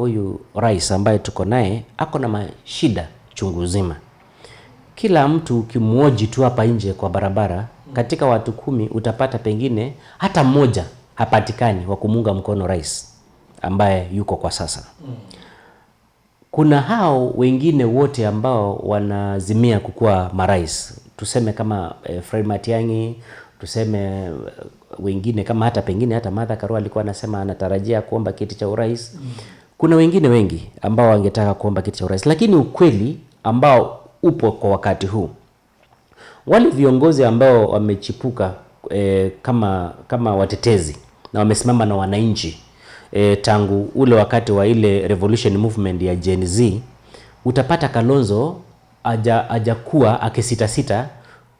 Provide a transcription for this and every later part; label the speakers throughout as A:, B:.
A: Huyu rais ambaye tuko naye ako na mashida chungu nzima. Kila mtu ukimwoji tu hapa nje kwa barabara, katika watu kumi utapata pengine hata mmoja hapatikani wa kumuunga mkono rais ambaye yuko kwa sasa. Kuna hao wengine wote ambao wanazimia kukuwa marais, tuseme kama eh, Fred Matiang'i, tuseme eh, wengine kama hata pengine hata Martha Karua alikuwa anasema anatarajia kuomba kiti cha urais mm. Kuna wengine wengi ambao wangetaka kuomba kiti cha urais, lakini ukweli ambao upo kwa wakati huu, wale viongozi ambao wamechipuka e, kama, kama watetezi na wamesimama na wananchi e, tangu ule wakati wa ile revolution movement ya Gen Z, utapata Kalonzo hajakuwa akisitasita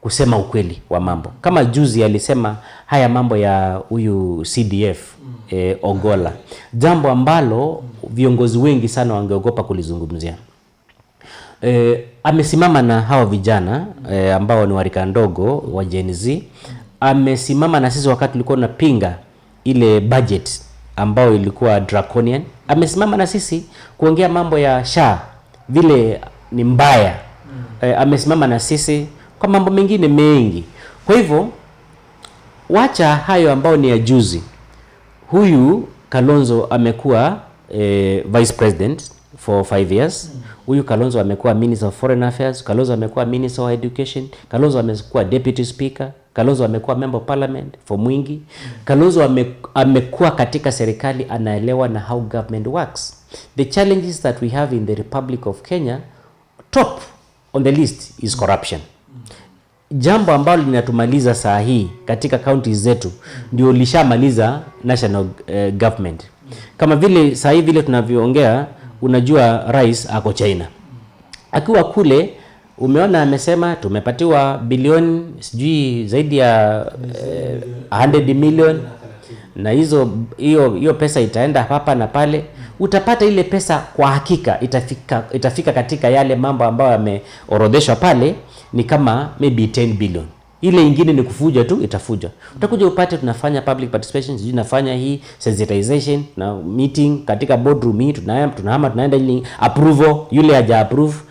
A: kusema ukweli wa mambo. Kama juzi alisema haya mambo ya huyu CDF e, eh, Ogola jambo ambalo viongozi wengi sana wangeogopa kulizungumzia. E, amesimama na hawa vijana e, ambao ni warika ndogo wa Gen Z. Amesimama na sisi wakati tulikuwa tunapinga ile budget ambayo ilikuwa draconian. Amesimama na sisi kuongea mambo ya SHA vile ni mbaya e, amesimama na sisi kwa mambo mengine mengi. Kwa hivyo wacha hayo ambayo ni ya juzi, huyu Kalonzo amekuwa eh, vice president for five years. Huyu Kalonzo amekuwa minister of foreign affairs, Kalonzo amekuwa minister of education, Kalonzo amekuwa deputy speaker, Kalonzo amekuwa member of parliament for Mwingi. Kalonzo amekuwa katika serikali, anaelewa na how government works. The challenges that we have in the Republic of Kenya top on the list is corruption jambo ambalo linatumaliza saa hii katika kaunti zetu ndio lishamaliza national eh, government. Kama vile saa hii vile tunavyoongea, unajua rais ako China, akiwa kule umeona amesema tumepatiwa bilioni sijui zaidi ya eh, 100 million na hizo hiyo hiyo pesa itaenda hapa na pale utapata ile pesa kwa hakika itafika, itafika katika yale mambo ambayo yameorodheshwa pale, ni kama maybe 10 billion. Ile ingine ni kufuja tu, itafuja. Utakuja upate tunafanya public participation, sijui tunafanya hii sensitization na meeting katika boardroom hii, tunahama tunaenda ile approval, yule haja approve